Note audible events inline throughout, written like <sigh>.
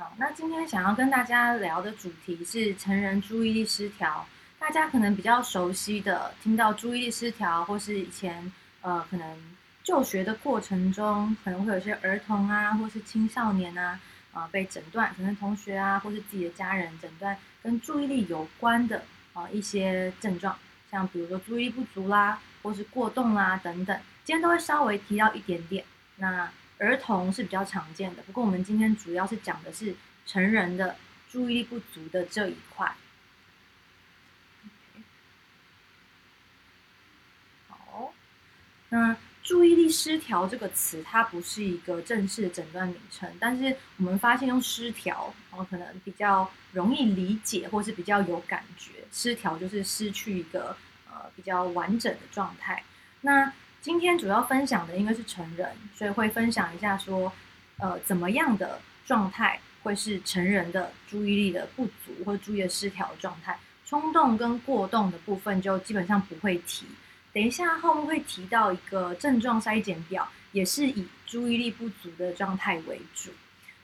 好，那今天想要跟大家聊的主題是成人注意力失調。大家可能比較熟悉的，聽到注意力失調，或是以前呃可能就學的過程中，可能會有些兒童啊，或是青少年啊，啊、呃、被診斷，可能同學啊，或是自己的家人診斷跟注意力有關的啊、呃、一些症狀，像比如說注意力不足啦，或是過動啦等等，今天都會稍微提到一點點。那兒童是比較常見的，不過我們今天主要是講的是成人的注意力不足的這一塊。Okay. 好，那注意力失調這個詞，它不是一個正式的診斷名稱，但是我們發現用失調，然後可能比較容易理解，或是比較有感覺。失調就是失去一個呃比較完整的狀態。那今天主要分享的應該是成人，所以會分享一下說，呃，怎麼樣的狀態會是成人的注意力的不足或注意的失調狀態，衝動跟過動的部分就基本上不會提。等一下後面會提到一個症狀篩檢表，也是以注意力不足的狀態為主。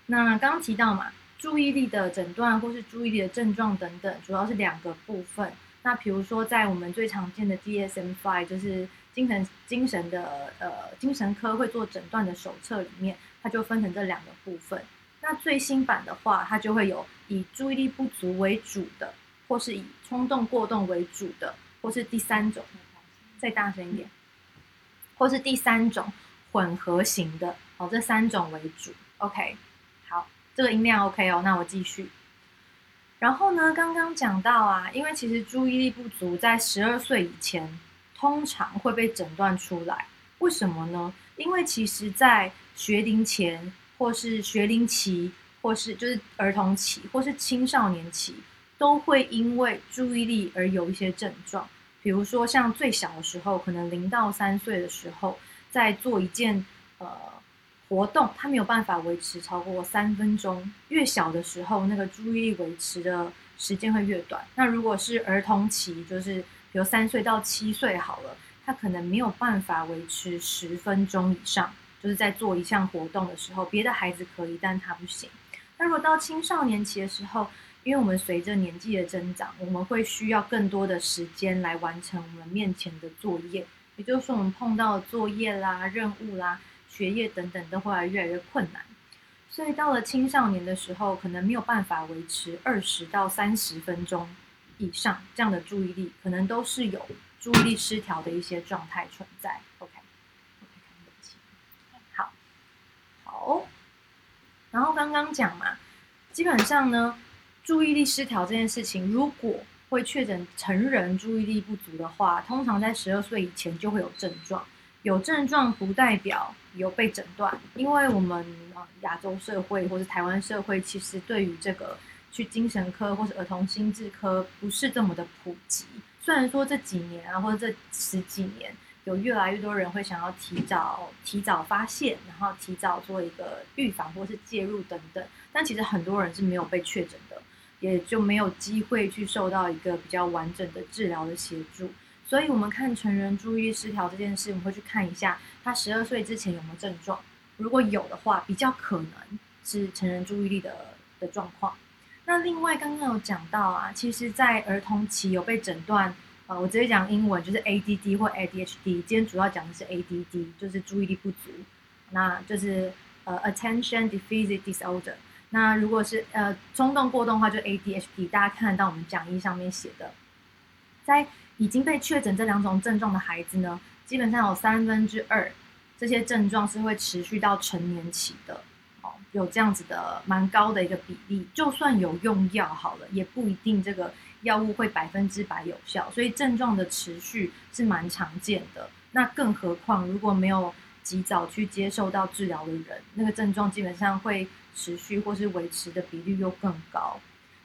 那剛剛提到嘛，注意力的診斷或是注意力的症狀等等，主要是兩個部分。那比如說，在我們最常見的 DSM-5，就是精神精神的呃精神科會做診斷的手冊裡面，它就分成這兩個部分。那最新版的話，它就會有以注意力不足為主的，或是以衝動過動為主的，或是第三種，再大聲一點，或是第三種混合型的哦，這三種為主。OK，好，這個音量 OK 哦，那我繼續。然後呢，剛剛講到啊，因為其實注意力不足在十二歲以前通常會被診斷出來。為什麼呢？因為其實，在學齡前，或是學齡期，或是就是兒童期，或是青少年期，都會因為注意力而有一些症狀。比如說，像最小的時候，可能零到三歲的時候，在做一件，呃，活動它沒有辦法維持超過三分鐘，越小的時候，那個注意力維持的時間會越短。那如果是兒童期，就是比如三歲到七歲好了，他可能沒有辦法維持十分鐘以上。就是在做一項活動的時候，別的孩子可以，但他不行。那如果到青少年期的時候，因為我們隨着年紀的增長，我們會需要更多的時間來完成我們面前的作業，也就是說，我們碰到的作業啦、任務啦。學業等等都會越來越困難，所以到了青少年的時候，可能沒有辦法維持二十到三十分鐘以上這樣的注意力，可能都是有注意力失調的一些狀態存在。OK，好，好，然後剛剛講嘛，基本上呢，注意力失調這件事情，如果會確診成人注意力不足的話，通常在十二歲以前就會有症狀，有症狀不代表。有被診斷，因為我們亞洲社會或是台灣社會，其實對於這個去精神科或是兒童心智科，不是這麼的普及。雖然說這幾年啊，或者這十幾年，有越來越多人會想要提早提早發現，然後提早做一個預防或是介入等等，但其實很多人是沒有被確診的，也就沒有機會去受到一個比較完整的治療的協助。所以，我們看成人注意力失調這件事，我們會去看一下他十二歲之前有沒有症狀。如果有的話，比較可能是成人注意力的的狀況。那另外剛剛有講到啊，其實在兒童期有被診斷，呃，我直接講英文就是 ADD 或 ADHD。今天主要講的是 ADD，就是注意力不足，那就是、呃、Attention Deficit Disorder。那如果是呃衝動過動的話，就 ADHD。大家看得到我們講義上面寫的，在。已經被確診這兩種症狀的孩子呢，基本上有三分之二，這些症狀是會持續到成年期的，哦，有這樣子的蠻高的一個比例。就算有用藥好了，也不一定這個藥物會百分之百有效，所以症狀的持續是蠻常見的。那更何況如果沒有及早去接受到治療的人，那個症狀基本上會持續或是維持的比率又更高。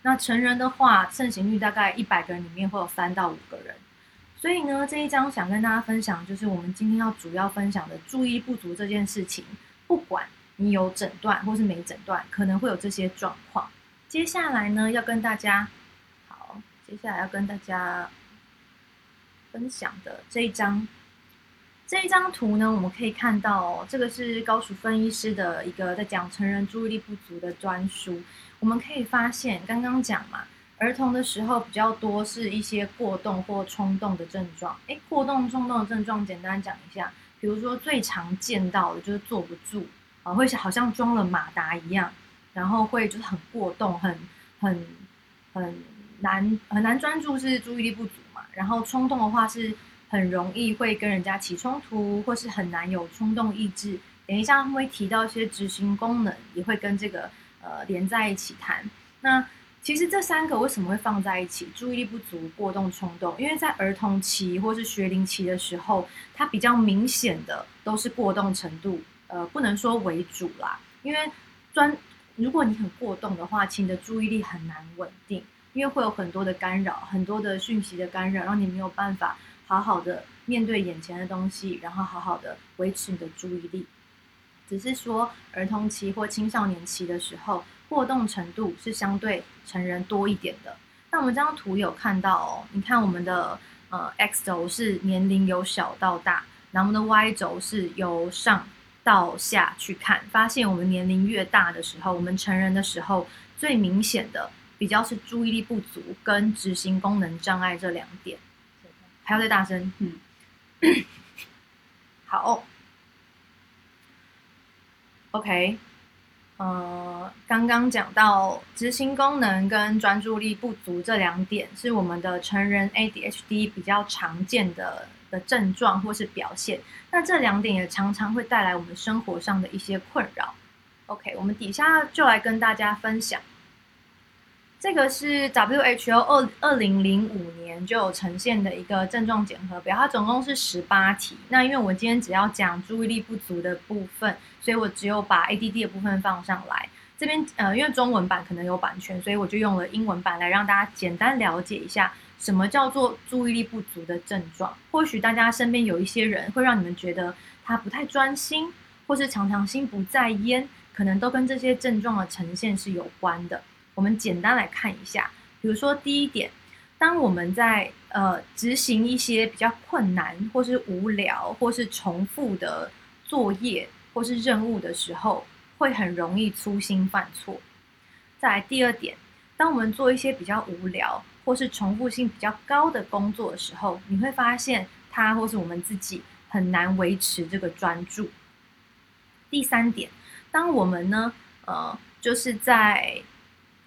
那成人的話，盛行率大概一百個人裡面會有三到五個人。所以呢，這一張想跟大家分享，就是我們今天要主要分享的注意力不足這件事情，不管你有診斷或是沒診斷，可能會有這些狀況。接下來呢，要跟大家，好，接下來要跟大家分享的這一張，這一張圖呢，我們可以看到、哦，這個是高淑芬醫師的一個在講成人注意力不足的專書，我們可以發現，剛剛講嘛。兒童的時候比較多是一些過動或衝動的症狀。哎，過動、衝動的症狀，簡單講一下，比如說最常見到的就是坐不住啊、呃，會好像裝了馬達一樣，然後會就是很過動，很很很難很難專注，是注意力不足嘛。然後衝動的話是很容易會跟人家起衝突，或是很難有衝動抑制。等一下會提到一些執行功能，也會跟這個呃連在一起談。那。其實這三個為什麼會放在一起？注意力不足、過動、衝動，因為在兒童期或是學齡期的時候，它比較明顯的都是過動程度，呃，不能說為主啦。因為專如果你很過動的話，你的注意力很難穩定，因為會有很多的干擾、很多的訊息的干擾，讓你沒有辦法好好的面對眼前的東西，然後好好的維持你的注意力。只是說兒童期或青少年期的時候。過動程度是相對成人多一點的。那我們這張圖有看到哦，你看我們的呃 X 軸是年齡由小到大，然後我們的 Y 軸是由上到下去看，發現我們年齡越大的時候，我們成人的時候最明顯的比較是注意力不足跟執行功能障礙這兩點。還要再大聲。嗯。 <coughs> 好。OK。呃，剛剛講到執行功能跟專注力不足這兩點，是我們的成人 ADHD 比較常見的的症狀或是表現。那這兩點也常常會帶來我們生活上的一些困擾。OK，我們底下就來跟大家分享。這個是 WHO 二二零零五年就有呈現的一個症狀檢核表，它總共是十八題。那因為我今天只要講注意力不足的部分，所以我只有把 ADD 的部分放上來。這邊呃，因為中文版可能有版權，所以我就用了英文版來讓大家簡單了解一下什麼叫做注意力不足的症狀。或許大家身邊有一些人會讓你們覺得他不太專心，或是常常心不在焉，可能都跟這些症狀的呈現是有關的。我們簡單來看一下，比如說第一點，當我們在呃執行一些比較困難或是無聊或是重複的作業或是任務的時候，會很容易粗心犯錯。再來第二點，當我們做一些比較無聊或是重複性比較高的工作的時候，你會發現它或是我們自己很難維持這個專注。第三點，當我們呢呃就是在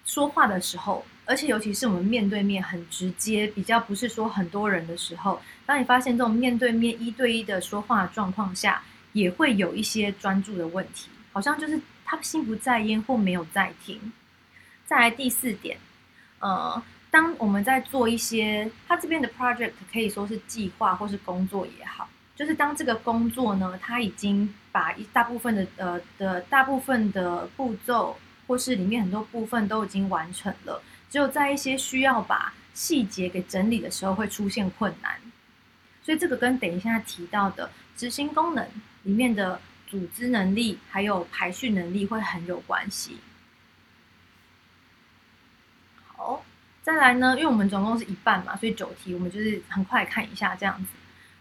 說話的時候，而且尤其是我們面對面很直接，比較不是說很多人的時候，當你發現這種面對面一對一的說話狀況下，也會有一些專注的問題，好像就是他心不在焉或沒有在聽。再來第四點，呃，當我們在做一些他這邊的 project，可以說是計劃或是工作也好，就是當這個工作呢，他已經把一大部分的呃的大部分的步驟，或是裡面很多部分都已經完成了，只有在一些需要把細節給整理的時候會出現困難，所以這個跟等一下提到的執行功能裡面的組織能力還有排序能力會很有關係。好，再來呢，因為我們總共是一半嘛，所以九題我們就是很快看一下這樣子。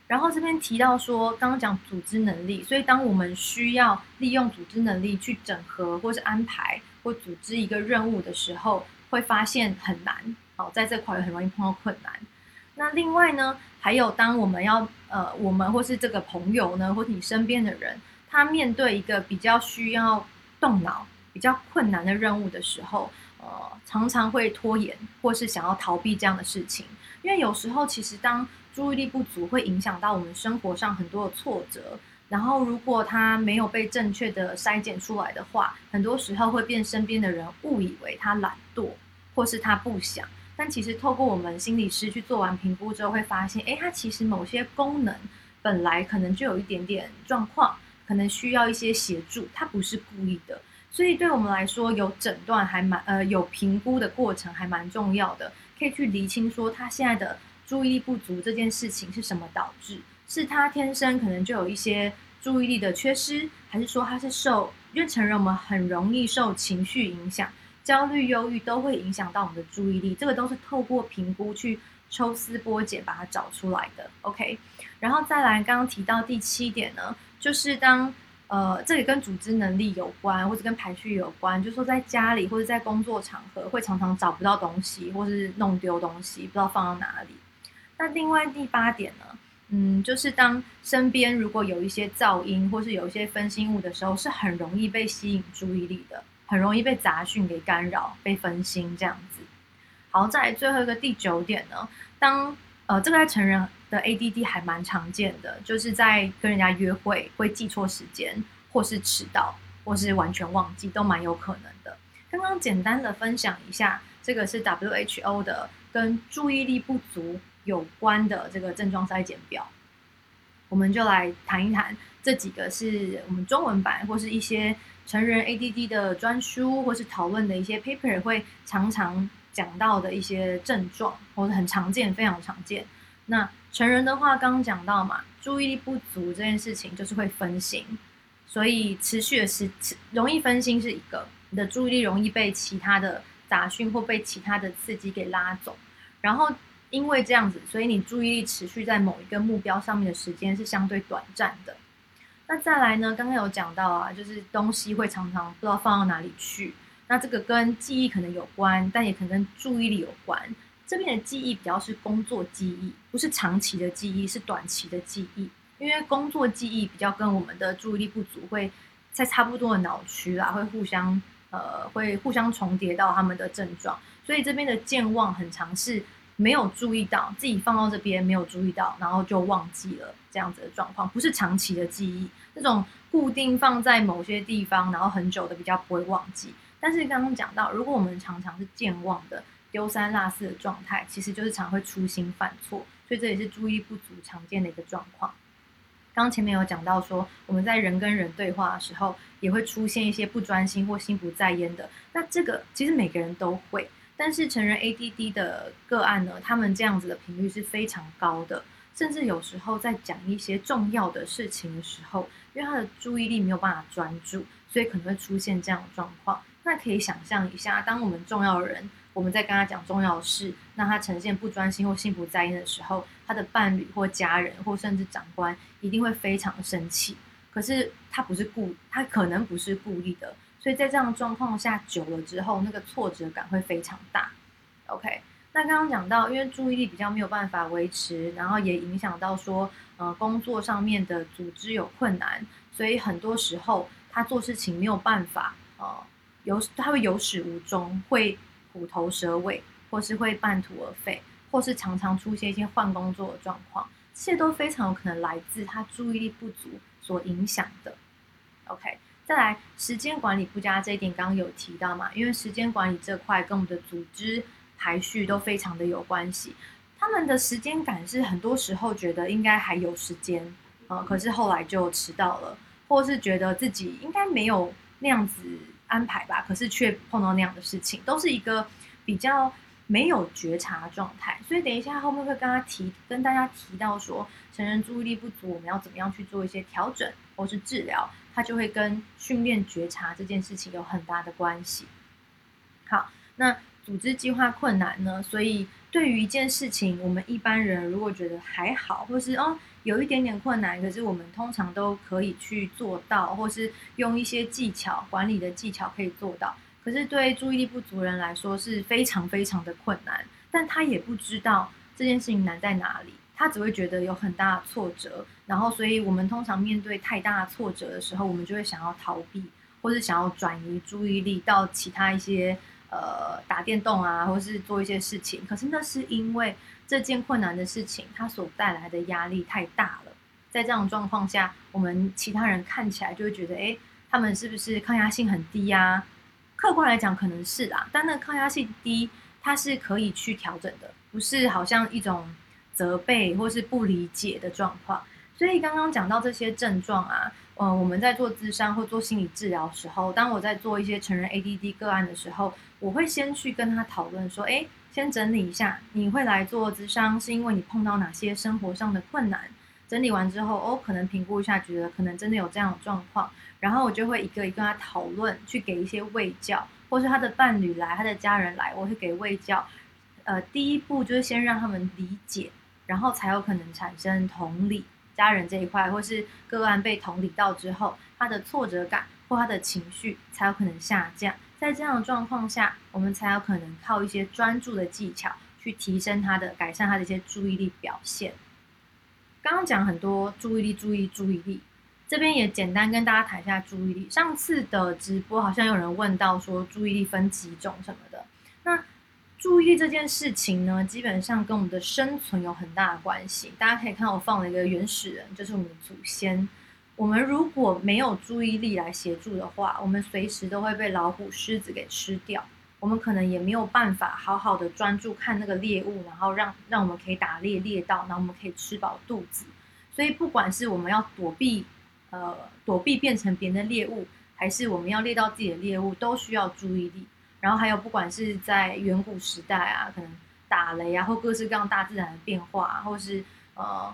然後這邊提到說，剛剛講組織能力，所以當我們需要利用組織能力去整合或是安排。或組織一個任務的時候，會發現很難。好，在這塊也很容易碰到困難。那另外呢，還有當我們要呃，我們或是這個朋友呢，或是你身邊的人，他面對一個比較需要動腦、比較困難的任務的時候，呃，常常會拖延或是想要逃避這樣的事情。因為有時候其實當注意力不足，會影響到我們生活上很多的挫折。然後，如果他沒有被正確的篩檢出來的話，很多時候會變身邊的人誤以為他懶惰，或是他不想。但其實透過我們心理師去做完評估之後，會發現，誒，他其實某些功能本來可能就有一點點狀況，可能需要一些協助，他不是故意的。所以對我們來說，有診斷還蠻呃，有評估的過程還蠻重要的，可以去釐清說他現在的注意力不足這件事情是什麼導致。是他天生可能就有一些注意力的缺失，還是說他是受，因為成人我們很容易受情緒影響，焦慮、憂鬱都會影響到我們的注意力，這個都是透過評估去抽絲剝繭把它找出來的。OK，然後再來，剛剛提到第七點呢，就是當呃，這裡跟組織能力有關，或者跟排序有關，就是說在家裡或者在工作場合會常常找不到東西，或是弄丟東西，不知道放到哪裡。那另外第八點呢？嗯，就是當身邊如果有一些噪音或是有一些分心物的時候，是很容易被吸引注意力的，很容易被雜訊給干擾、被分心這樣子。好，在最後一個第九點呢，當呃這個在成人的 ADD 還蠻常見的，就是在跟人家約會會記錯時間，或是遲到，或是完全忘記，都蠻有可能的。剛剛簡單的分享一下，這個是 WHO 的跟注意力不足，有關的這個症狀篩檢表。我們就來談一談，這幾個是我們中文版或是一些成人 ADD 的專書或是討論的一些 paper 會常常講到的一些症狀，或是很常見、非常常見。那成人的話，剛剛講到嘛，注意力不足這件事情就是會分心，所以持續的時，容易分心是一個，你的注意力容易被其他的雜訊或被其他的刺激給拉走，然後。因為這樣子，所以你注意力持續在某一個目標上面的時間是相對短暫的。那再來呢？剛剛有講到啊，就是東西會常常不知道放到哪裡去。那這個跟記憶可能有關，但也可能跟注意力有關。這邊的記憶比較是工作記憶，不是長期的記憶，是短期的記憶。因為工作記憶比較跟我們的注意力不足會在差不多的腦區啦，會互相呃會互相重疊到他們的症狀，所以這邊的健忘很常是。沒有注意到自己放到這邊，沒有注意到，然後就忘記了這樣子的狀況。不是長期的記憶，那種固定放在某些地方，然後很久的比較不會忘記。但是剛剛講到，如果我們常常是健忘的、丟三落四的狀態，其實就是常會粗心犯錯，所以這也是注意不足常見的一個狀況。剛前面有講到說，我們在人跟人對話的時候，也會出現一些不專心或心不在焉的，那這個其實每個人都會。但是成人 ADD 的個案呢，他們這樣子的頻率是非常高的，甚至有時候在講一些重要的事情的時候，因為他的注意力沒有辦法專注，所以可能會出現這樣的狀況。那可以想象一下，當我們重要的人，我們在跟他講重要事，那他呈現不專心或心不在焉的時候，他的伴侶或家人或甚至長官一定會非常生氣。可是他不是故，他可能不是故意的。所以在這樣的狀況下，久了之後，那個挫折感會非常大。OK，那剛剛講到，因為注意力比較沒有辦法維持，然後也影響到說，呃，工作上面的組織有困難，所以很多時候他做事情沒有辦法，呃，有他會有始無終，會虎頭蛇尾，或是會半途而廢，或是常常出現一些換工作的狀況，這些都非常有可能來自他注意力不足所影響的。OK。再來，時間管理不佳這一點，剛剛有提到嘛？因為時間管理這塊跟我們的組織排序都非常的有關係。他們的時間感是很多時候覺得應該還有時間啊，嗯，可是後來就遲到了，或是覺得自己應該沒有那樣子安排吧，可是卻碰到那樣的事情，都是一個比較沒有覺察狀態。所以等一下後面會跟他提，跟大家提到說，成人注意力不足，我們要怎麼樣去做一些調整或是治療？他就會跟訓練覺察這件事情有很大的關係。好，那組織計劃困難呢？所以對於一件事情，我們一般人如果覺得還好，或是哦有一點點困難，可是我們通常都可以去做到，或是用一些技巧管理的技巧可以做到。可是對注意力不足的人來說是非常非常的困難，但他也不知道這件事情難在哪裡，他只會覺得有很大的挫折。然後，所以我們通常面對太大挫折的時候，我們就會想要逃避，或者想要轉移注意力到其他一些呃打電動啊，或是做一些事情。可是那是因為這件困難的事情它所帶來的壓力太大了。在這樣的狀況下，我們其他人看起來就會覺得，哎，他們是不是抗壓性很低呀？客觀來講，可能是啊。但那抗壓性低，它是可以去調整的，不是好像一種責備或是不理解的狀況。所以剛剛講到這些症狀啊，呃，我們在做諮商或做心理治療的時候，當我在做一些成人 ADD 個案的時候，我會先去跟他討論說，哎，先整理一下，你會來做諮商，是因為你碰到哪些生活上的困難？整理完之後，哦，可能評估一下，覺得可能真的有這樣的狀況，然後我就會一個一個跟他討論，去給一些衛教，或是他的伴侶來，他的家人來，我會給衛教。呃，第一步就是先讓他們理解，然後才有可能產生同理。家人這一塊，或是個案被同理到之後，他的挫折感或他的情緒才有可能下降。在這樣的狀況下，我們才有可能靠一些專注的技巧去提升他的、改善他的一些注意力表現。剛剛講很多注意力、注意力、注意力，這邊也簡單跟大家談一下注意力。上次的直播好像有人問到說，注意力分幾種什麼的，那。注意力這件事情呢，基本上跟我們的生存有很大的關係。大家可以看我放了一個原始人，就是我們的祖先。我們如果沒有注意力來協助的話，我們隨時都會被老虎、獅子給吃掉。我們可能也沒有辦法好好的專注看那個獵物，然後讓讓我們可以打獵獵到，然後我們可以吃飽肚子。所以，不管是我們要躲避，呃，躲避變成別人的獵物，還是我們要獵到自己的獵物，都需要注意力。然後還有，不管是在遠古時代啊，可能打雷啊，或各式各樣大自然的變化啊，或是呃，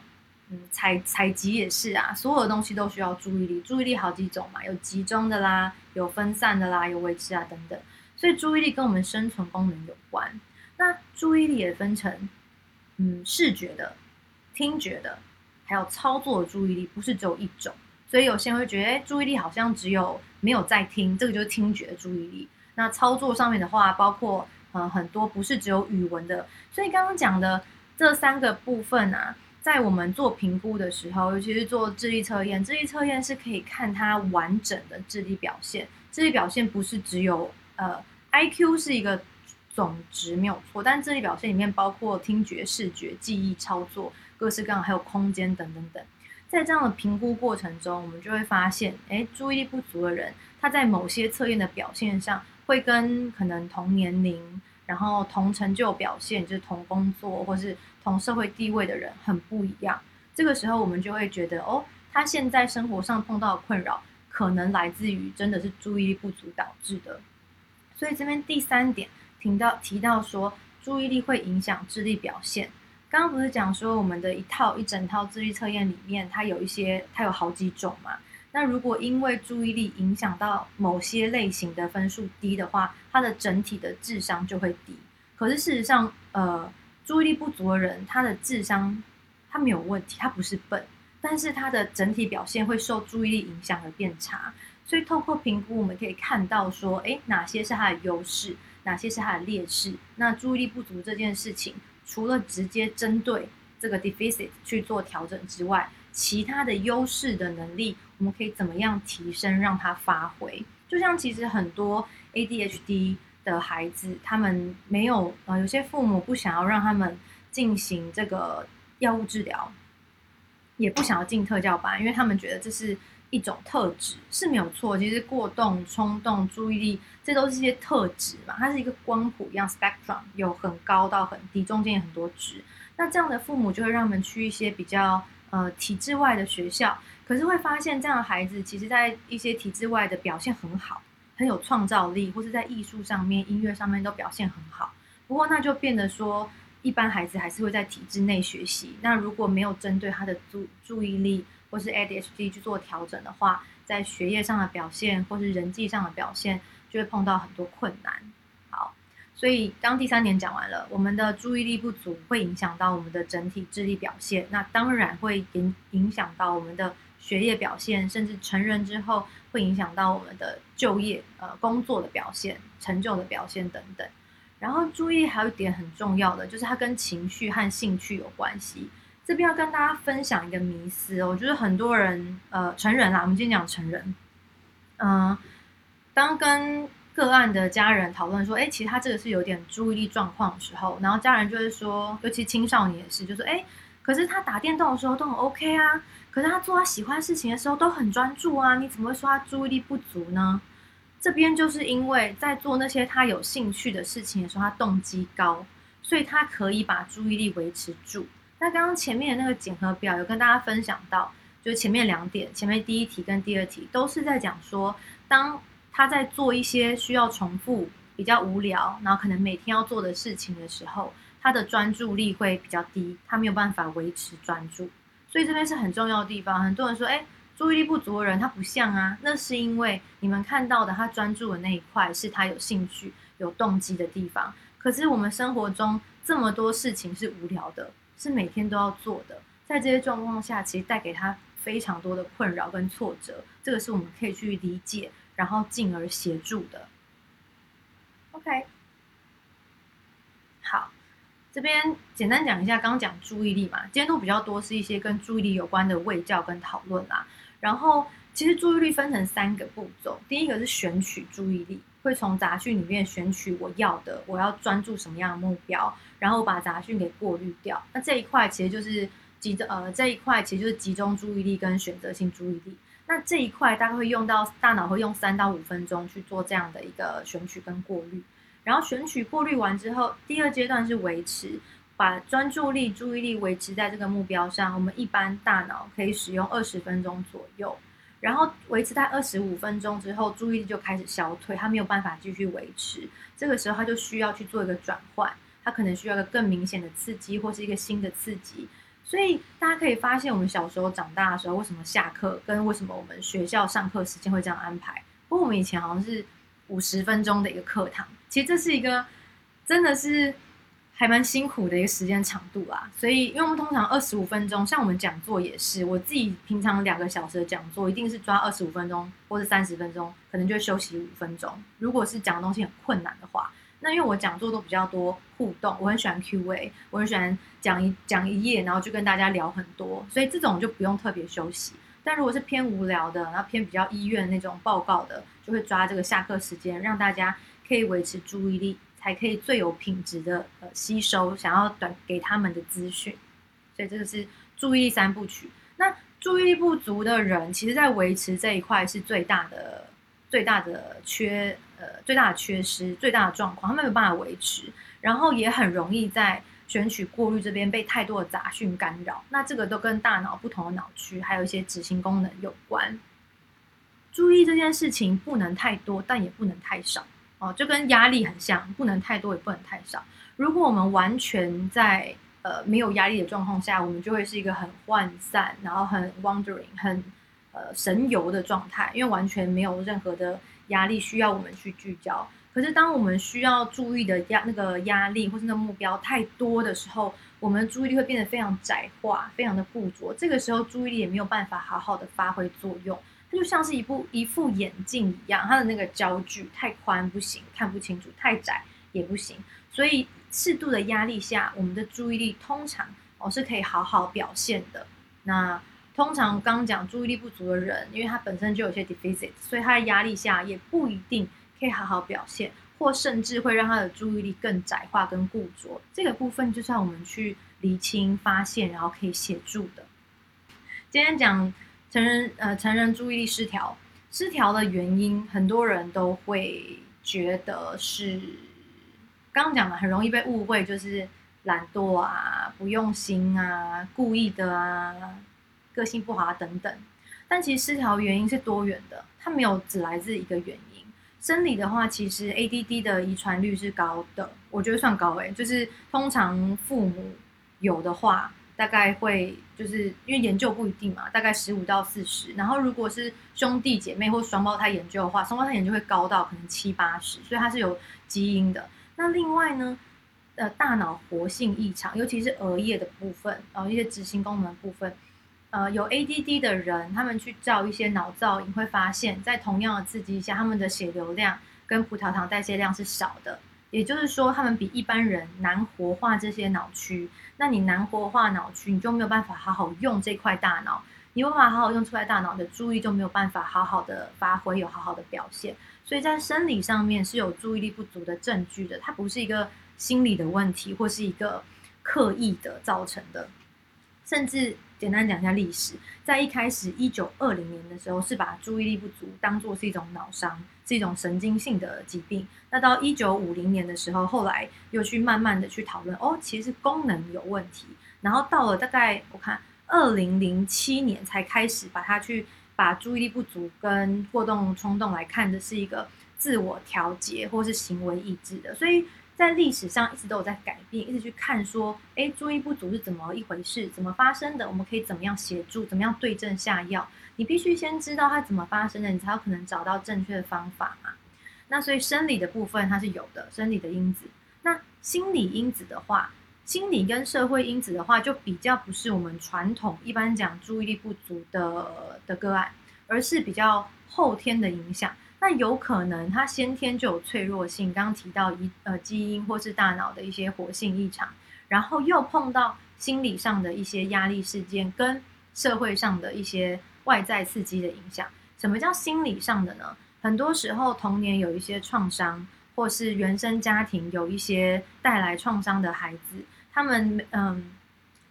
嗯，採、採集也是啊，所有的東西都需要注意力。注意力好幾種嘛，有集中的啦，有分散的啦，有維持啊等等。所以注意力跟我們生存功能有關。那注意力也分成，嗯，視覺的、聽覺的，還有操作的注意力，不是只有一種。所以有些人會覺得，誒，注意力好像只有沒有在聽，這個就是聽覺的注意力。那操作上面的話，包括呃很多不是只有語文的，所以剛剛講的這三個部分啊，在我們做評估的時候，尤其是做智力測驗，智力測驗是可以看它完整的智力表現。智力表現不是只有呃 IQ 是一個總值沒有錯，但智力表現裡面包括聽覺、視覺、記憶、操作，各式各樣，還有空間等等等。在這樣的評估過程中，我們就會發現，哎，注意力不足的人，他在某些測驗的表現上。會跟可能同年齡，然後同成就表現，就是同工作或是同社會地位的人很不一樣。這個時候我們就會覺得，哦，他現在生活上碰到的困擾，可能來自於真的是注意力不足導致的。所以這邊第三點，聽到提到說注意力會影響智力表現。剛剛不是講說我們的一套一整套智力測驗裡面，它有一些，它有好幾種嘛？那如果因為注意力影響到某些類型的分數低的話，他的整體的智商就會低。可是事實上，呃，注意力不足的人，他的智商他沒有問題，他不是笨，但是他的整體表現會受注意力影響而變差。所以透過評估，我們可以看到說，誒，哪些是他的優勢，哪些是他的劣勢。那注意力不足這件事情，除了直接針對這個 deficit 去做調整之外，其他的優勢的能力。我們可以怎麼樣提升讓他發揮？就像其實很多 ADHD 的孩子，他們沒有呃，有些父母不想要讓他們進行這個藥物治療，也不想要進特教班，因為他們覺得這是一種特質是沒有錯。其實過動、衝動、注意力，這都是一些特質嘛。它是一個光譜一樣 spectrum，有很高到很低，中間有很多值。那這樣的父母就會讓他們去一些比較呃體制外的學校。可是會發現，這樣的孩子其實，在一些體制外的表現很好，很有創造力，或是在藝術上面、音樂上面都表現很好。不過，那就變得說，一般孩子還是會在體制內學習。那如果沒有針對他的注注意力或是 ADHD 去做調整的話，在學業上的表現或是人際上的表現，就會碰到很多困難。好，所以當第三點講完了，我們的注意力不足會影響到我們的整體智力表現，那當然會影影響到我們的。學業表現，甚至成人之後，會影響到我們的就業、呃工作的表現、成就的表現等等。然後注意還有一點很重要的，就是它跟情緒和興趣有關係。這邊要跟大家分享一個迷思，我覺得很多人，呃，成人啦，我們今天講成人，嗯，當跟個案的家人討論說，哎、欸，其實他這個是有點注意力狀況的時候，然後家人就會說，尤其青少年也是，就是哎、欸，可是他打電動的時候都很 OK 啊。可是他做他喜歡的事情的時候都很專注啊，你怎麼會說他注意力不足呢？這邊就是因為在做那些他有興趣的事情的時候，他動機高，所以他可以把注意力維持住。那剛剛前面的那個檢核表有跟大家分享到，就是前面兩點，前面第一題跟第二題都是在講說，當他在做一些需要重複、比較無聊，然後可能每天要做的事情的時候，他的專注力會比較低，他沒有辦法維持專注。所以這邊是很重要的地方，很多人說，哎，注意力不足的人他不像啊，那是因為你們看到的他專注的那一塊是他有興趣、有動機的地方。可是我們生活中這麼多事情是無聊的，是每天都要做的，在這些狀況下，其實帶給他非常多的困擾跟挫折，這個是我們可以去理解，然後進而協助的。OK。這邊簡單講一下，剛剛講注意力嘛，今天都比較多是一些跟注意力有關的衛教跟討論啦。然後其實注意力分成三個步驟，第一個是選取注意力，會從雜訊裡面選取我要的，我要專注什麼樣的目標，然後把雜訊給過濾掉。那這一塊其實就是集中呃這一塊其實就是集中注意力跟選擇性注意力。那這一塊大概會用到大腦會用三到五分鐘去做這樣的一個選取跟過濾。然後選取、過濾完之後，第二階段是維持，把專注力、注意力維持在這個目標上。我們一般大腦可以使用二十分鐘左右，然後維持在二十五分鐘之後，注意力就開始消退，它沒有辦法繼續維持。這個時候，它就需要去做一個轉換，它可能需要一個更明顯的刺激，或是一個新的刺激。所以大家可以發現，我們小時候長大的時候，為什麼下課跟為什麼我們學校上課時間會這樣安排？不過我們以前好像是。五十分鐘的一個課堂，其實這是一個真的是還蠻辛苦的一個時間長度啦、啊。所以，因為我們通常二十五分鐘，像我們講座也是，我自己平常兩個小時的講座，一定是抓二十五分鐘或是三十分鐘，可能就休息五分鐘。如果是講的東西很困難的話，那因為我講座都比較多互動，我很喜歡 QA，我很喜歡講一講一頁，然後就跟大家聊很多，所以這種就不用特別休息。但如果是偏無聊的，然後偏比較醫院那種報告的。會抓這個下課時間，讓大家可以維持注意力，才可以最有品質的呃吸收想要短給他們的資訊。所以這個是注意力三部曲。那注意力不足的人，其實在維持這一塊是最大的最大的缺呃最大的缺失最大的狀況，他們沒有辦法維持，然後也很容易在選取過濾這邊被太多的雜訊干擾。那這個都跟大腦不同的腦區，還有一些執行功能有關。注意，這件事情不能太多，但也不能太少哦，就跟壓力很像，不能太多，也不能太少。如果我們完全在呃沒有壓力的狀況下，我們就會是一個很渙散，然後很 wandering，很呃神遊的狀態，因為完全沒有任何的壓力需要我們去聚焦。可是當我們需要注意的壓那個壓力或是那目標太多的時候，我們的注意力會變得非常窄化，非常的固着，這個時候注意力也沒有辦法好好的發揮作用。它就像是一部一副眼鏡一樣，它的那個焦距，太寬不行，看不清楚；太窄也不行。所以適度的壓力下，我們的注意力通常哦是可以好好表現的。那通常剛講注意力不足的人，因為他本身就有些 deficit，所以他的壓力下也不一定可以好好表現，或甚至會讓他的注意力更窄化，跟固着。這個部分就是我們去釐清、發現，然後可以協助的。今天講。成人呃，成人注意力失調失調的原因，很多人都會覺得是剛剛講的，很容易被誤會，就是懶惰啊、不用心啊、故意的啊、個性不好啊等等。但其實失調原因是多元的，它沒有只來自一個原因。生理的話，其實 ADD 的遺傳率是高的，我覺得算高哎、欸，就是通常父母有的話。大概會就是因為研究不一定嘛，大概十五到四十。然後如果是兄弟姐妹或雙胞胎研究的話，雙胞胎研究會高到可能七八十，所以它是有基因的。那另外呢，呃，大腦活性異常，尤其是額葉的部分，呃，一些執行功能的部分，呃，有 ADD 的人，他們去照一些腦造影，會發現在同樣的刺激下，他們的血流量跟葡萄糖代謝量是少的。也就是說，他們比一般人難活化這些腦區。那你難活化腦區，你就沒有辦法好好用這塊大腦，你無法好好用出來大腦的注意，就沒有辦法好好的發揮，有好好的表現。所以在生理上面是有注意力不足的證據的，它不是一個心理的問題，或是一個刻意的造成的。甚至簡單講一下歷史，在一開始一九二零年的時候，是把注意力不足當作是一種腦傷。是一種神經性的疾病。那到一九五零年的時候，後來又去慢慢的去討論，哦，其實功能有問題。然後到了大概我看二零零七年才開始把它去把注意力不足跟過動衝動來看的是一個自我調節或是行為抑制的。所以在歷史上一直都有在改變，一直去看說，哎，注意不足是怎麼一回事，怎麼發生的，我們可以怎麼樣協助，怎麼樣對症下藥。你必須先知道它怎麼發生的，你才有可能找到正確的方法嘛。那所以生理的部分它是有的，生理的因子。那心理因子的話，心理跟社會因子的話，就比較不是我們傳統一般講注意力不足的的個案，而是比較後天的影響。那有可能他先天就有脆弱性，剛剛提到一呃基因或是大腦的一些活性異常，然後又碰到心理上的一些壓力事件跟社會上的一些。外在刺激的影響，什麼叫心理上的呢？很多時候，童年有一些創傷，或是原生家庭有一些帶來創傷的孩子，他們嗯，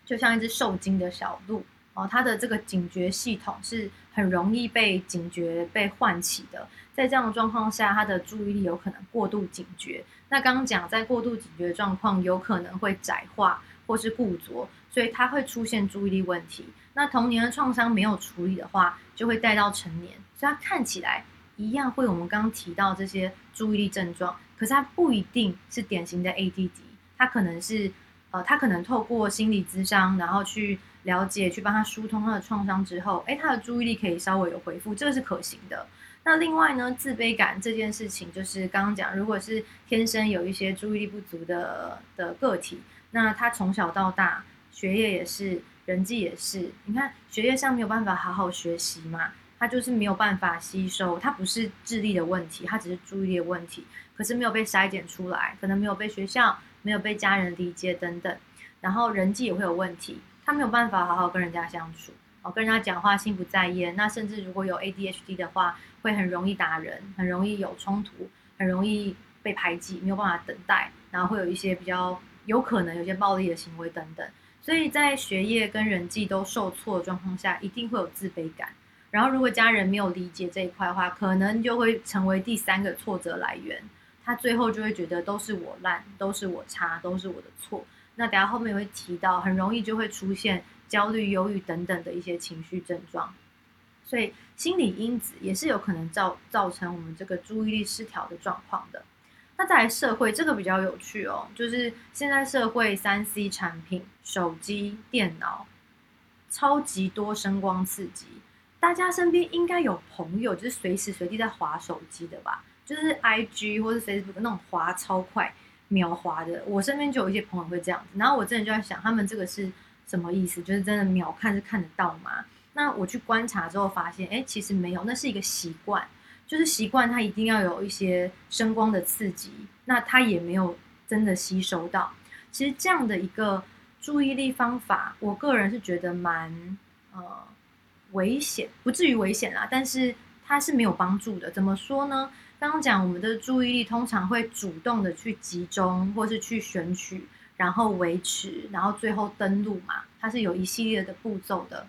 就像一隻受驚的小鹿哦，他的這個警覺系統是很容易被警覺被喚起的。在這樣的狀況下，他的注意力有可能過度警覺。那剛剛講，在過度警覺的狀況，有可能會窄化或是固着，所以他會出現注意力問題。那童年的創傷沒有處理的話，就會帶到成年，所以他看起來一樣會我們剛剛提到這些注意力症狀，可是他不一定是典型的 ADD，他可能是，呃，他可能透過心理諮商，然後去了解，去幫他疏通他的創傷之後，哎，他的注意力可以稍微有回復，這個是可行的。那另外呢，自卑感這件事情，就是剛剛講，如果是天生有一些注意力不足的的個體，那他從小到大。學業也是，人際也是。你看，學業上沒有辦法好好學習嘛，他就是沒有辦法吸收。他不是智力的問題，他只是注意力的問題。可是沒有被篩檢出來，可能沒有被學校、沒有被家人理解等等。然後人際也會有問題，他沒有辦法好好跟人家相處哦，跟人家講話心不在焉。那甚至如果有 ADHD 的話，會很容易打人，很容易有衝突，很容易被排擠，沒有辦法等待，然後會有一些比較有可能有些暴力的行為等等。所以在學業跟人際都受挫的狀況下，一定會有自卑感。然後如果家人沒有理解這一塊的話，可能就會成為第三個挫折來源。他最後就會覺得都是我爛，都是我差，都是我的錯。那等下後面也會提到，很容易就會出現焦慮、憂鬱等等的一些情緒症狀。所以心理因子也是有可能造造成我們這個注意力失調的狀況的。那在社會這個比較有趣哦，就是現在社會三 C 產品，手機、電腦，超級多聲光刺激。大家身邊應該有朋友，就是隨時隨地在滑手機的吧？就是 IG 或是 Facebook 那種滑超快，秒滑的。我身邊就有一些朋友會這樣子。然後我真的就在想，他們這個是什麼意思？就是真的秒看是看得到嗎？那我去觀察之後發現，哎、欸，其實沒有，那是一個習慣。就是習慣，它一定要有一些聲光的刺激，那它也沒有真的吸收到。其實這樣的一個注意力方法，我個人是覺得蠻呃危險，不至於危險啦，但是它是沒有幫助的。怎麼說呢？剛剛講我們的注意力通常會主動的去集中，或是去選取，然後維持，然後最後登錄嘛，它是有一系列的步驟的。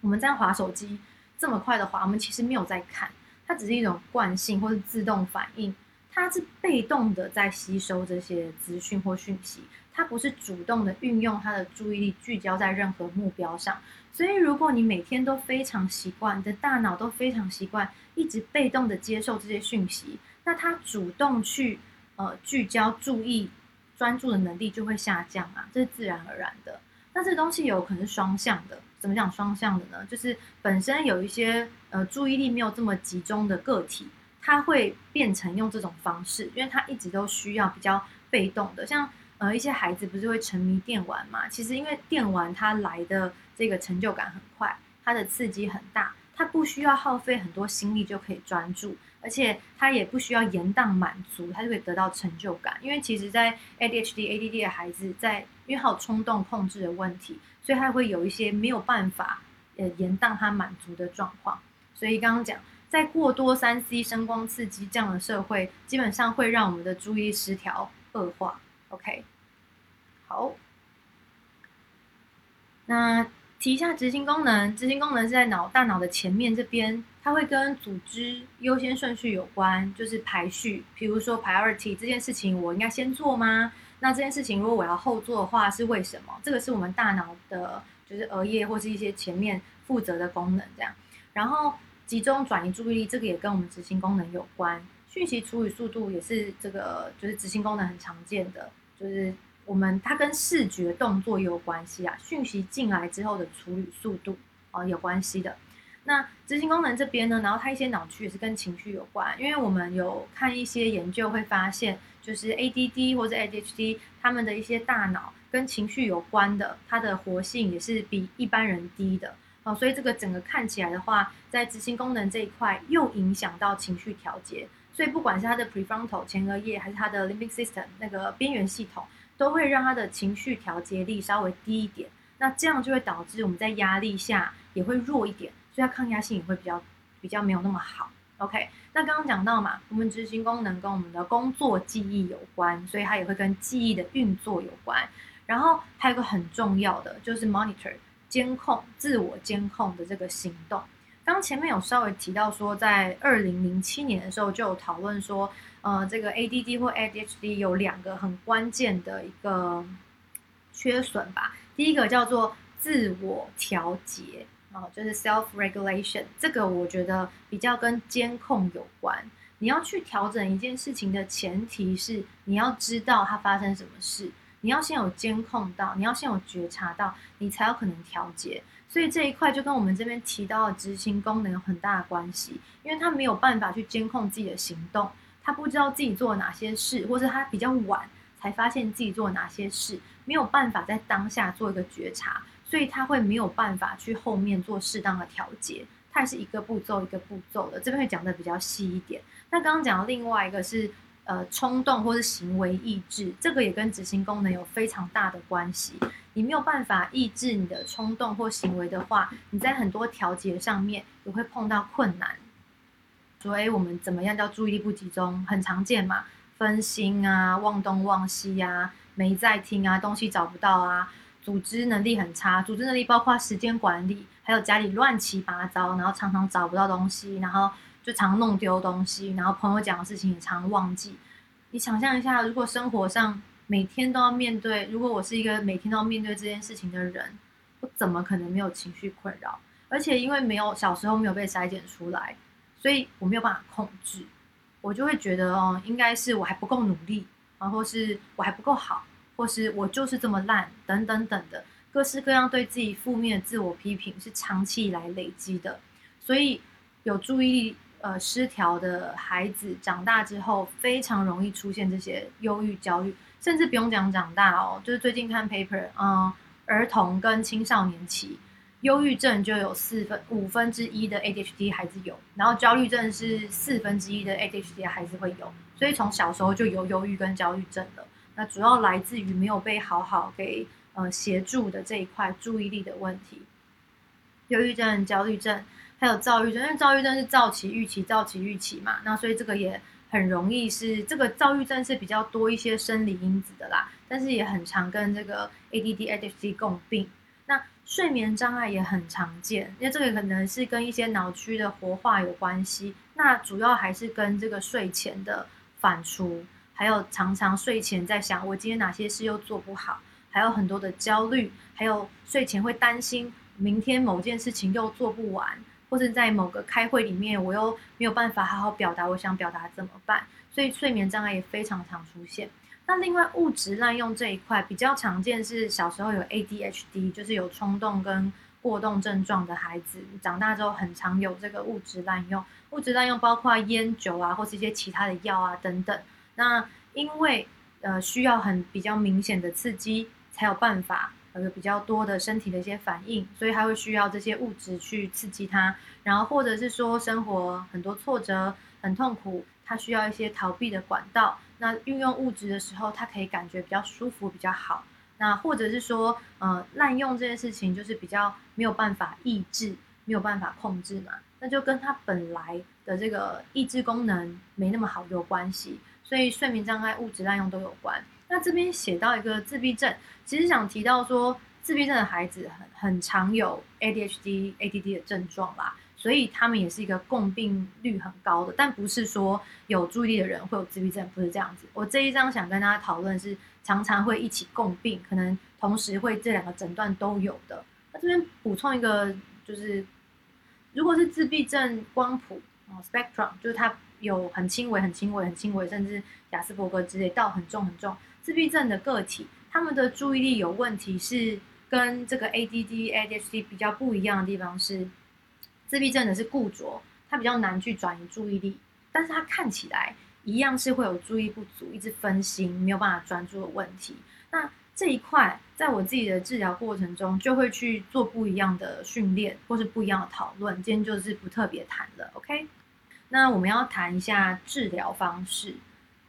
我們在滑手機這麼快的滑，我們其實沒有在看。它只是一種慣性或是自動反應，它是被動的在吸收這些資訊或訊息，它不是主動的運用它的注意力聚焦在任何目標上。所以，如果你每天都非常習慣，你的大腦都非常習慣一直被動的接受這些訊息，那它主動去呃聚焦、注意、專注的能力就會下降啊，這是自然而然的。那這東西有可能是雙向的。怎麼講雙向的呢？就是本身有一些呃注意力沒有這麼集中的個體，他會變成用這種方式，因為他一直都需要比較被動的，像呃一些孩子不是會沉迷電玩嘛？其實因為電玩它來的這個成就感很快，它的刺激很大，它不需要耗費很多心力就可以專注，而且他也不需要延宕滿足，他就可以得到成就感。因為其實，在 ADHD、ADD 的孩子在因為他有衝動控制的問題，所以他會有一些沒有辦法，呃，延宕他滿足的狀況。所以剛剛講，在過多三 C 聲光刺激這樣的社會，基本上會讓我們的注意失調惡化。OK，好。那提一下執行功能，執行功能是在腦大腦的前面這邊，它會跟組織優先順序有關，就是排序。譬如說 priority 這件事情，我應該先做嗎？那這件事情，如果我要後做的話，是為什麼？這個是我們大腦的，就是額葉或是一些前面負責的功能這樣。然後集中轉移注意力，這個也跟我們執行功能有關。訊息處理速度也是這個，就是執行功能很常見的，就是我們它跟視覺動作也有關係啊。訊息進來之後的處理速度啊，有關係的。那執行功能這邊呢，然後它一些腦區也是跟情緒有關，因為我們有看一些研究會發現。就是 ADD 或者 ADHD，他們的一些大腦跟情緒有關的，它的活性也是比一般人低的哦，所以這個整個看起來的話，在執行功能這一塊又影響到情緒調節，所以不管是他的 prefrontal 前額葉，還是他的 limbic system 那個邊緣系統，都會讓他的情緒調節力稍微低一點，那這樣就會導致我們在壓力下也會弱一點，所以他抗壓性也會比較比較沒有那麼好，OK。那剛剛講到嘛，我們執行功能跟我們的工作記憶有關，所以它也會跟記憶的運作有關。然後還有一個很重要的，就是 monitor 監控、自我監控的這個行動。剛前面有稍微提到說，在二零零七年的時候就有討論說，呃，這個 ADD 或 ADHD 有兩個很關鍵的一個缺損吧。第一個叫做自我調節。哦，就是 self regulation 這個我覺得比較跟監控有關。你要去調整一件事情的前提是，你要知道它發生什麼事，你要先有監控到，你要先有覺察到，你才有可能調節。所以這一塊就跟我們這邊提到的執行功能有很大的關係，因為他沒有辦法去監控自己的行動，他不知道自己做了哪些事，或者他比較晚才發現自己做了哪些事，沒有辦法在當下做一個覺察。所以他會沒有辦法去後面做適當的調節，也它是一個步驟一個步驟的。這邊會講得比較細一點。那剛剛講到另外一個是，呃，衝動或是行為抑制，這個也跟執行功能有非常大的關係。你沒有辦法抑制你的衝動或行為的話，你在很多調節上面也會碰到困難。所以我們怎麼樣叫注意力不集中？很常見嘛，分心啊，忘東忘西啊，沒在聽啊，東西找不到啊。組織能力很差。組織能力包括時間管理，還有家裡亂七八糟，然後常常找不到東西，然後就常弄丟東西，然後朋友講的事情也常忘記。你想象一下，如果生活上每天都要面對，如果我是一個每天都要面對這件事情的人，我怎麼可能沒有情緒困擾？而且因為沒有小時候沒有被篩檢出來，所以我沒有辦法控制，我就會覺得哦，應該是我還不夠努力，然後是我還不夠好，或是我就是這麼爛，等等等等的各式各樣對自己負面的自我批評是長期以來累積的，所以有注意力呃失調的孩子長大之後，非常容易出現這些憂鬱、焦慮，甚至不用講長大哦，就是最近看 paper 啊、嗯，兒童跟青少年期憂鬱症就有四分五分之一的 ADHD 孩子有，然後焦慮症是四分之一的 ADHD 孩子會有，所以從小時候就有憂鬱跟焦慮症了。那主要來自於沒有被好好給呃協助的這一塊注意力的問題，憂鬱症、焦慮症還有躁鬱症，因為躁鬱症是躁起、鬱起、鬱起、躁起、鬱起嘛，那所以這個也很容易是這個躁鬱症是比較多一些生理因子的啦，但是也很常跟這個 ADD、ADHD 共病。那睡眠障礙也很常見，因為這個可能是跟一些腦區的活化有關係，那主要還是跟這個睡前的反芻。還有常常睡前在想我今天哪些事又做不好，還有很多的焦慮，還有睡前會擔心明天某件事情又做不完，或是在某個開會裡面我又沒有辦法好好表達我想表達怎麼辦，所以睡眠障礙也非常常出現。那另外物質濫用這一塊比較常見是小時候有 ADHD，就是有衝動跟過動症狀的孩子，長大之後很常有這個物質濫用。物質濫用包括菸酒啊，或是一些其他的藥啊等等。那因為呃需要很比較明顯的刺激才有辦法，有比較多的身體的一些反應，所以他會需要這些物質去刺激他，然後或者是說生活很多挫折很痛苦，他需要一些逃避的管道。那運用物質的時候，他可以感覺比較舒服比較好。那或者是說呃濫用這件事情就是比較沒有辦法抑制，沒有辦法控制嘛，那就跟他本來的這個抑制功能沒那麼好有關係。所以睡眠障礙、物質濫用都有關。那這邊寫到一個自閉症，其實想提到說，自閉症的孩子很很常有 ADHD、ADD 的症狀吧，所以他們也是一個共病率很高的。但不是說有注意力的人會有自閉症，不是這樣子。我這一章想跟大家討論是常常會一起共病，可能同時會這兩個診斷都有的。那這邊補充一個，就是如果是自閉症光譜哦，spectrum，就是它。有很輕微、很輕微、很輕微，甚至亞斯伯格之類到很重、很重。自閉症的個體，他們的注意力有問題，是跟這個 ADD、ADHD 比較不一樣的地方是，自閉症的是固着，他比較難去轉移注意力，但是他看起來一樣是會有注意不足、一直分心、沒有辦法專注的問題。那這一塊，在我自己的治療過程中，就會去做不一樣的訓練，或是不一樣的討論。今天就是不特別談了，OK？那我們要談一下治療方式，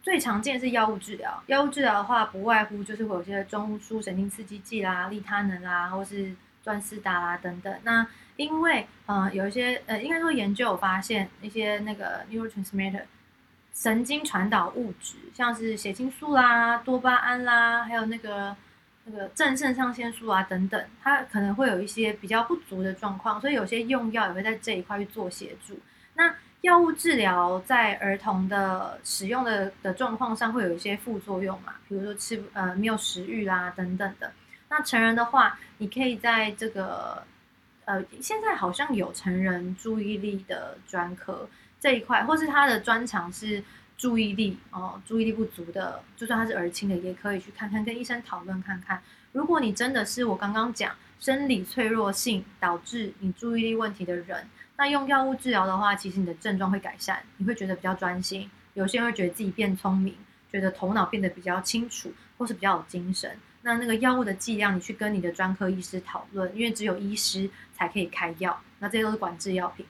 最常見是藥物治療。藥物治療的話，不外乎就是會有些中樞神經刺激劑啦、利他能啦，或是專思達啦等等。那因為呃有一些呃，應該說研究有發現一些那個 neurotransmitter 神經傳導物質，像是血清素啦、多巴胺啦，還有那個那個正腎上腺素啊等等，它可能會有一些比較不足的狀況，所以有些用藥也會在這一塊去做協助。那藥物治療在兒童的使用的的狀況上會有一些副作用嘛，比如說吃，呃，沒有食慾啦等等的。那成人的話，你可以在這個，呃，現在好像有成人注意力的專科這一塊，或是他的專長是注意力哦，注意力不足的，就算他是兒青的，也可以去看看，跟醫生討論看看。如果你真的是我剛剛講，生理脆弱性導致你注意力問題的人。那用藥物治療的話，其實你的症狀會改善，你會覺得比較專心。有些人會覺得自己變聰明，覺得頭腦變得比較清楚，或是比較有精神。那那個藥物的劑量，你去跟你的專科醫師討論，因為只有醫師才可以開藥。那這些都是管制藥品。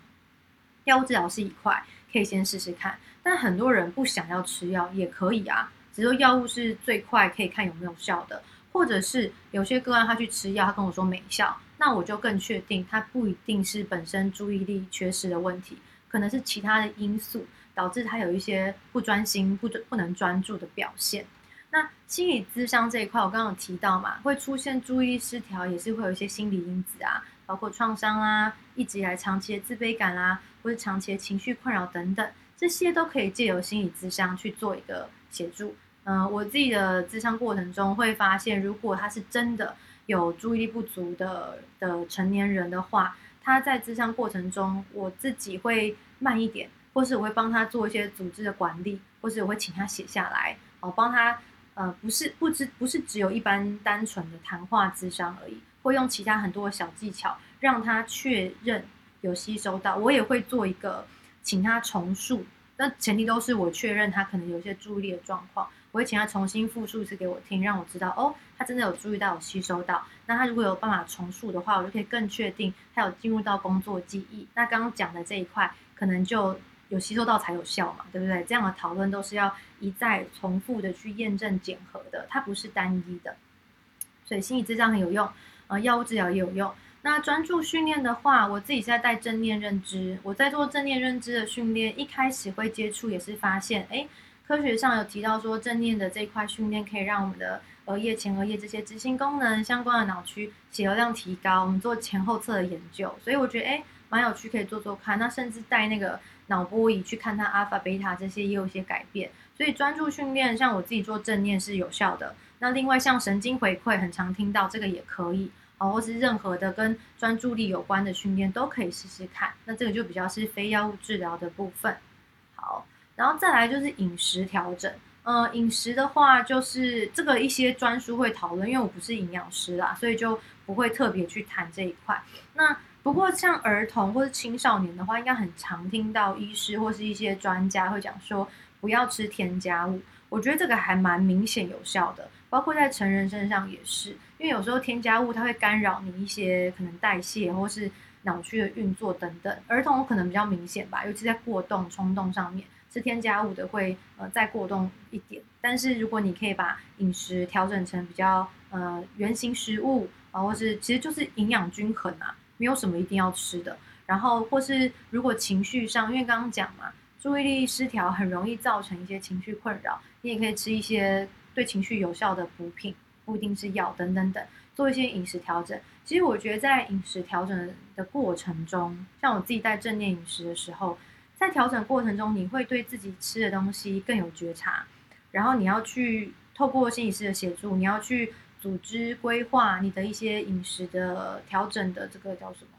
藥物治療是一塊，可以先試試看。但很多人不想要吃藥也可以啊，只是說藥物是最快可以看有沒有效的。或者是有些個案他去吃藥，他跟我說沒效。那我就更確定，他不一定是本身注意力缺失的問題，可能是其他的因素導致他有一些不專心、不專、不能專注的表現。那心理諮商這一塊，我剛剛有提到嘛，會出現注意力失調，也是會有一些心理因子啊，包括創傷啊，一直以來長期的自卑感啦、啊，或者長期的情緒困擾等等，這些都可以借由心理諮商去做一個協助。嗯、呃，我自己的諮商過程中會發現，如果他是真的。有注意力不足的的成年人的話，他在諮商過程中，我自己會慢一點，或是我會幫他做一些組織的管理，或是我會請他寫下來，哦，幫他，呃，不是不知不是只有一般單純的談話諮商而已，會用其他很多小技巧讓他確認有吸收到，我也會做一個請他重述，那前提都是我確認他可能有一些注意力的狀況，我會請他重新複述一次給我聽，讓我知道哦。他真的有注意到，有吸收到。那他如果有辦法重塑的話，我就可以更確定他有進入到工作記憶。那剛剛講的這一塊，可能就有吸收到才有效嘛，對不對？這樣的討論都是要一再重複的去驗證、檢核的，它不是單一的。所以心理治療很有用，呃，藥物治療也有用。那專注訓練的話，我自己在帶正念認知，我在做正念認知的訓練。一開始會接觸，也是發現，誒，科學上有提到說正念的這一塊訓練可以讓我們的。額葉、前額葉這些執行功能相關的腦區血流量提高，我們做前後側的研究，所以我覺得哎蠻有趣，可以做做看。那甚至帶那個腦波儀去看它 alpha、beta 這些也有一些改變。所以專注訓練，像我自己做正念是有效的。那另外像神經回饋很常聽到，這個也可以啊，哦，或是任何的跟專注力有關的訓練都可以試試看。那這個就比較是非藥物治療的部分。好，然後再來就是飲食調整。呃、嗯，飲食的話，就是這個一些專書會討論，因為我不是營養師啦，所以就不會特別去談這一塊。那不過像兒童或者青少年的話，應該很常聽到醫師或是一些專家會講說不要吃添加物，我覺得這個還蠻明顯有效的，包括在成人身上也是，因為有時候添加物它會干擾你一些可能代謝或是腦區的運作等等。兒童可能比較明顯吧，尤其在過動衝動上面。是添加物的會呃再過動一點，但是如果你可以把飲食調整成比較呃原型食物啊，或是其實就是營養均衡啊，沒有什麼一定要吃的。然後或是如果情緒上，因為剛剛講嘛，注意力失調很容易造成一些情緒困擾，你也可以吃一些對情緒有效的補品，不一定是藥等等等，做一些飲食調整。其實我覺得在飲食調整的過程中，像我自己在正念飲食的時候。在調整過程中，你會對自己吃的東西更有覺察，然後你要去透過心理師的協助，你要去組織規劃你的一些飲食的調整的這個叫什麼？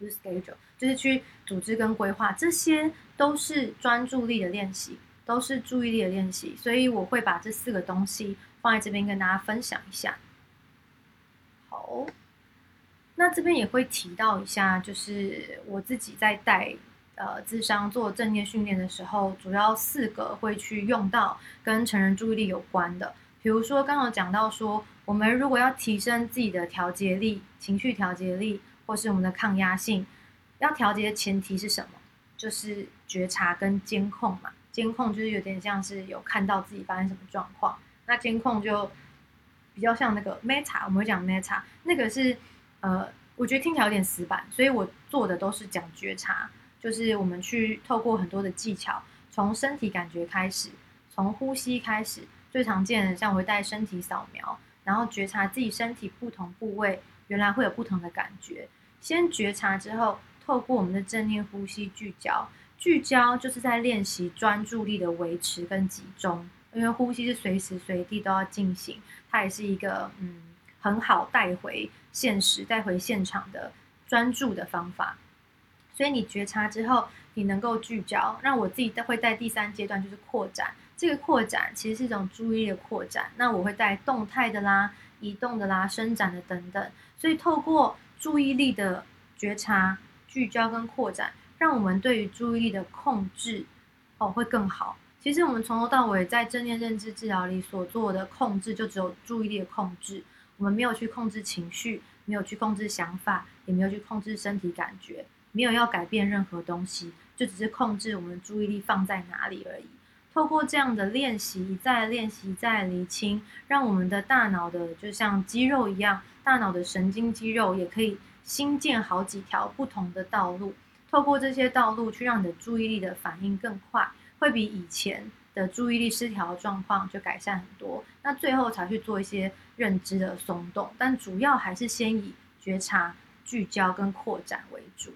不是 schedule，就是去組織跟規劃，這些都是專注力的練習，都是注意力的練習，所以我會把這四個東西放在這邊跟大家分享一下。好，那這邊也會提到一下，就是我自己在帶。呃，諮商做正念訓練的時候，主要四個會去用到跟成人注意力有關的。比如說，剛剛講到說，我們如果要提升自己的調節力、情緒調節力，或是我們的抗壓性，要調節的前提是什麼？就是覺察跟監控嘛。監控就是有點像是有看到自己發生什麼狀況。那監控就比較像那個 meta，我們會講 meta，那個是呃，我覺得聽起來有點死板，所以我做的都是講覺察。就是我們去透過很多的技巧，從身體感覺開始，從呼吸開始，最常見的像我會帶身體掃描，然後覺察自己身體不同部位原來會有不同的感覺。先覺察之後，透過我們的正念呼吸聚焦，聚焦就是在練習專注力的維持跟集中，因為呼吸是隨時隨地都要進行，它也是一個嗯很好帶回現實、帶回現場的專注的方法。所以你覺察之後，你能夠聚焦，讓我自己在會在第三階段就是擴展。這個擴展其實是一種注意力的擴展。那我會帶動態的啦、移動的啦、伸展的等等。所以透過注意力的覺察、聚焦跟擴展，讓我們對於注意力的控制哦會更好。其實我們從頭到尾在正念認知治療裡所做的控制，就只有注意力的控制。我們沒有去控制情緒，沒有去控制想法，也沒有去控制身體感覺。沒有要改變任何東西，就只是控制我們注意力放在哪裡而已。透過這樣的練習，一再練習再釐清，讓我們的大腦的就像肌肉一樣，大腦的神經肌肉也可以新建好幾條不同的道路。透過這些道路去讓你的注意力的反應更快，會比以前的注意力失調的狀況就改善很多。那最後才去做一些認知的鬆動，但主要還是先以覺察、聚焦跟擴展為主。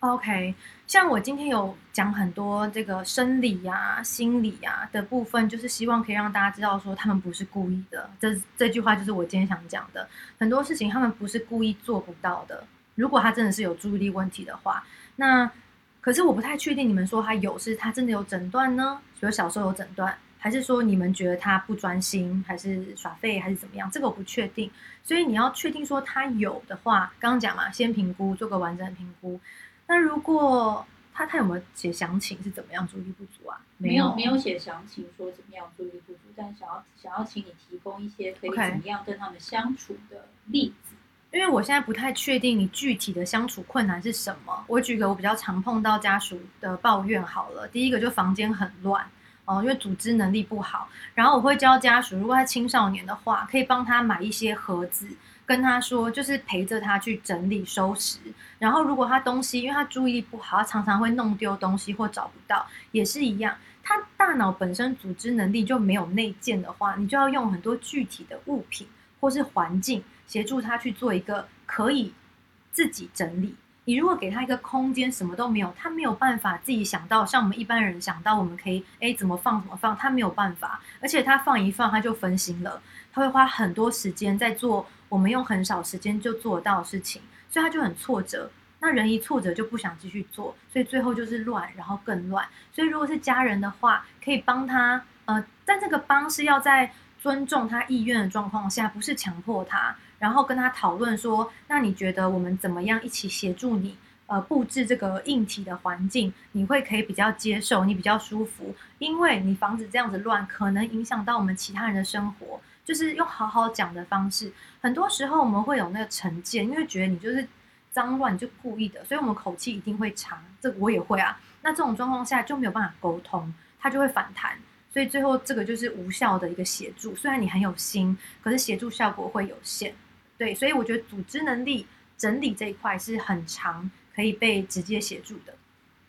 OK，像我今天有講很多這個生理呀、心理呀的部分，就是希望可以讓大家知道說他們不是故意的。這這句話就是我今天想講的。很多事情他們不是故意做不到的。如果他真的是有注意力問題的話，那可是我不太確定你們說他有，是他真的有診斷呢？比如小時候有診斷，還是說你們覺得他不專心，還是耍廢，還是怎麼樣？這個我不確定。所以你要確定說他有的話，剛剛講嘛，先評估，做個完整評估。那如果他他有沒有寫詳情是怎麼樣注意不足啊？沒有沒有寫詳情說怎麼樣注意不足，但想要想要請你提供一些可以怎麼樣跟他們相處的例子。Okay。因為我現在不太確定你具體的相處困難是什麼。我舉個我比較常碰到家屬的抱怨好了，第一個就房間很亂。哦，因為組織能力不好，然後我會教家屬，如果他青少年的話，可以幫他買一些盒子，跟他說，就是陪着他去整理收拾。然後，如果他東西，因為他注意力不好，他常常會弄丟東西或找不到，也是一樣。他大腦本身組織能力就沒有內建的話，你就要用很多具體的物品或是環境協助他去做一個可以自己整理。你如果給他一個空間，什麼都沒有，他沒有辦法自己想到。像我們一般人想到，我們可以哎怎麼放怎麼放，他沒有辦法。而且他放一放，他就分心了，他會花很多時間在做我們用很少時間就做到的事情，所以他就很挫折。那人一挫折就不想繼續做，所以最後就是亂，然後更亂。所以如果是家人的話，可以幫他呃，但這個幫是要在尊重他意願的狀況下，不是強迫他。然後跟他討論說，那你覺得我們怎麼樣一起協助你？呃，布置這個硬體的環境，你會可以比較接受，你比較舒服，因為你房子這樣子亂，可能影響到我們其他人的生活。就是用好好講的方式，很多時候我們會有那個成見，因為覺得你就是髒亂，你就故意的，所以我們口氣一定會差。這個我也會啊。那這種狀況下就沒有辦法溝通，他就會反彈。所以最後這個就是無效的一個協助。雖然你很有心，可是協助效果會有限。對，所以我覺得組織能力、整理這一塊是很常可以被直接協助的。